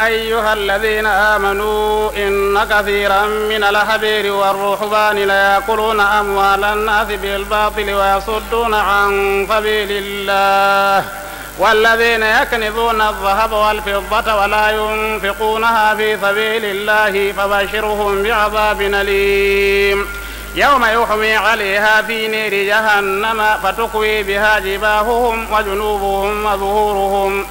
أيها الذين آمنوا إن كثيرا من الأحبير والرحبان ليأكلون أموال الناس بالباطل ويصدون عن سبيل الله والذين يكنزون الذهب والفضة ولا ينفقونها في سبيل الله فبشرهم بعذاب أليم يوم يحمي عليها في نير جهنم فتكوي بها جباههم وجنوبهم وظهورهم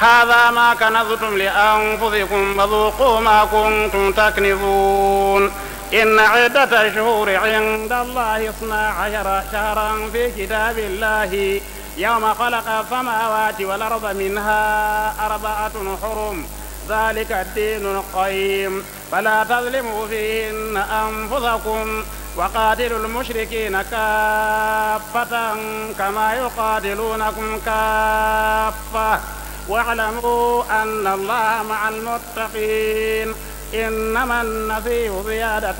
هذا ما كنزتم لأنفسكم فذوقوا ما كنتم تكنزون إن عدة الشهور عند الله اثنا عشر شهرا في كتاب الله يوم خلق السماوات والأرض منها أربعة حرم ذلك الدين القيم فلا تظلموا فيهن أنفسكم وقاتلوا المشركين كافة كما يقاتلونكم كافة واعلموا أن الله مع المتقين إنما النسيء زيادة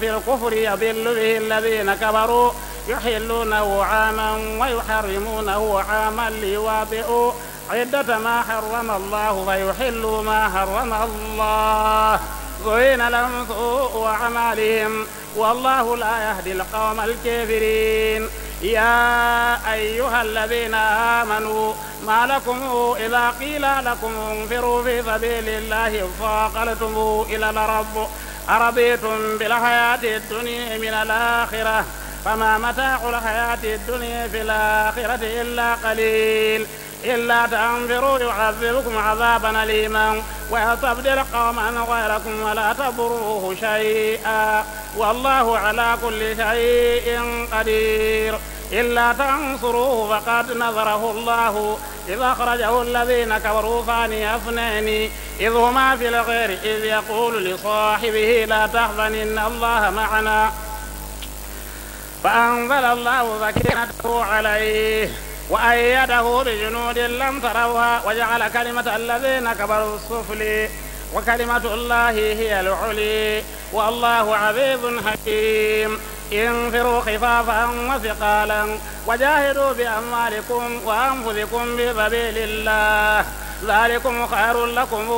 في الكفر يضل به الذين كفروا يحلونه عاما ويحرمونه عاما ليواطئوا عدة ما حرم الله فيحلوا ما حرم الله زين لهم سوء أعمالهم والله لا يهدي القوم الكافرين يا أيها الذين آمنوا ما لكم إذا قيل لكم انفروا في سبيل الله فاقلتم إلى الرب أرضيتم بالحياة الدنيا من الآخرة فما متاع الحياة الدنيا في الآخرة إلا قليل إلا تنفروا يعذبكم عذابا أليما ويستبدل قوما غيركم ولا تضروه شيئا والله على كل شيء قدير إلا تنصروه فقد نظره الله إذ أخرجه الذين كفروا فاني أثنين إذ هما في الغير إذ يقول لصاحبه لا تحزن إن الله معنا فأنزل الله سكينته عليه وأيده بجنود لم تروها وجعل كلمة الذين كبروا السفلي وكلمة الله هي العلي والله عزيز حكيم انفروا خفافا وثقالا وجاهدوا بأموالكم وأنفسكم في سبيل الله ذلكم خير لكم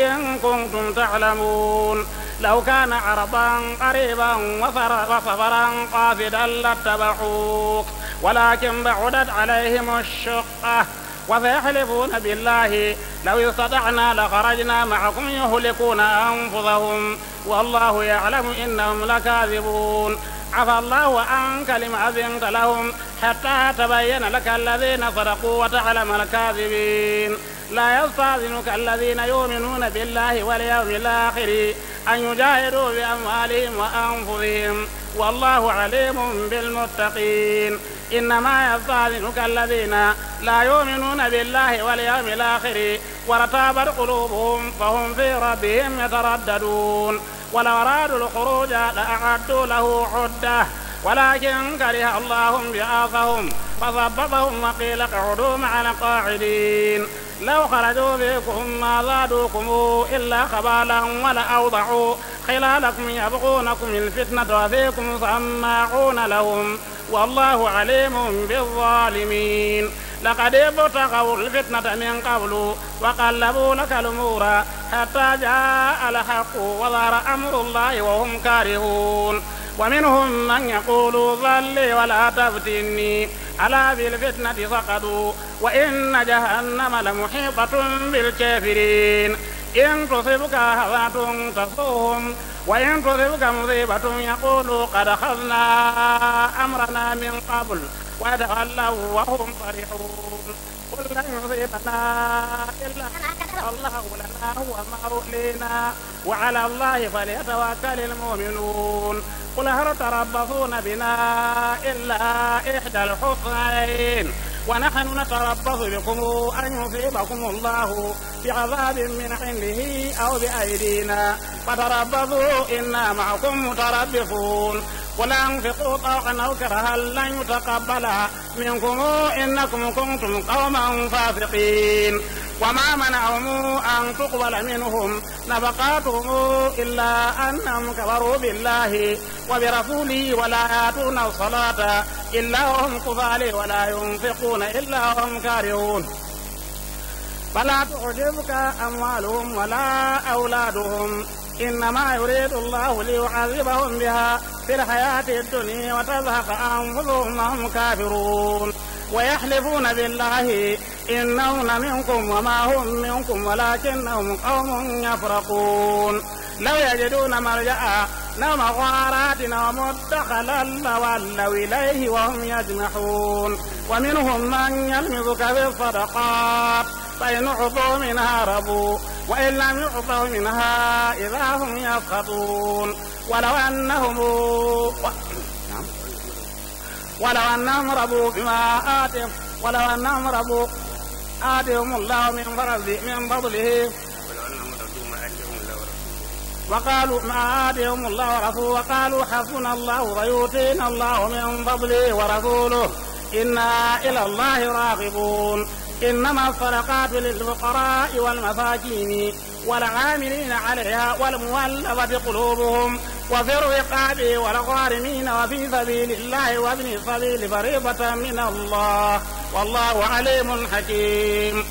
إن كنتم تعلمون لو كان عرضا قريبا وسفرا قافدا لاتبعوك ولكن بعدت عليهم الشقة وسيحلفون بالله لو استطعنا لخرجنا معكم يهلكون أنفسهم والله يعلم إنهم لكاذبون عفى الله عنك لما أذنت لهم حتى تبين لك الذين صدقوا وتعلم الكاذبين لا يستأذنك الذين يؤمنون بالله واليوم الآخر أن يجاهدوا بأموالهم وأنفسهم والله عليم بالمتقين إنما يستأذنك الذين لا يؤمنون بالله واليوم الآخر ورتابت قلوبهم فهم في ربهم يترددون ولو أرادوا الخروج لأعدوا له عدة ولكن كره الله بآثهم فثبطهم وقيل اقعدوا مع القاعدين لو خرجوا فيكم ما زادوكم إلا خبالا ولأوضعوا خلالكم يبغونكم الفتنة وفيكم سماعون لهم والله عليم بالظالمين لقد ابتغوا الفتنة من قبل وقلبوا لك الأمور حتى جاء الحق وظهر أمر الله وهم كارهون ومنهم من يقول ظلي ولا تفتني ألا بالفتنة سقطوا وإن جهنم لمحيطة بالكافرين إن تصبك هفة تصوهم وإن تصبك مصيبة يقولوا قد أخذنا أمرنا من قبل وتولوا وهم فرحون قل لن يصيبنا إلا الله لنا هو مولينا وعلى الله فليتوكل المؤمنون قل هل تربصون بنا إلا إحدى الحسنين ونحن نتربص بكم أن يصيبكم الله بعذاب من عنده أو بأيدينا فتربصوا إنا معكم متربصون ولا انفقوا طوعا او كرها لن يتقبل منكم انكم كنتم قوما فاسقين وما منعهم ان تقبل منهم نفقاتهم الا انهم كفروا بالله وبرسوله ولا ياتون الصلاه الا وهم كفار ولا ينفقون الا وهم كارهون فلا تعجبك اموالهم ولا اولادهم انما يريد الله ليعذبهم بها في الحياة الدنيا وتزهق أنفسهم وهم كافرون ويحلفون بالله إنهم منكم وما هم منكم ولكنهم قوم يفرقون لو يجدون مرجعا لو مغارات ومدخلا لولوا إليه وهم يجمحون ومنهم من يلمزك في الصدقات فإن أعطوا منها ربوا وإن لم يعطوا منها إذا هم يسخطون ولو أنهم نعم. ولو أنهم رضوا بما آتهم ولو أنهم رضوا آتهم الله من فضله من فضله وقالوا ما آتيهم الله ورسوله وقالوا حسبنا الله ويؤتينا الله من فضله ورسوله إنا إلى الله راغبون إنما الصدقات للفقراء والمساكين والعاملين عليها والمؤلفة قلوبهم وفي الرقاب والغارمين وفي سبيل الله وابن السبيل فريضة من الله والله عليم حكيم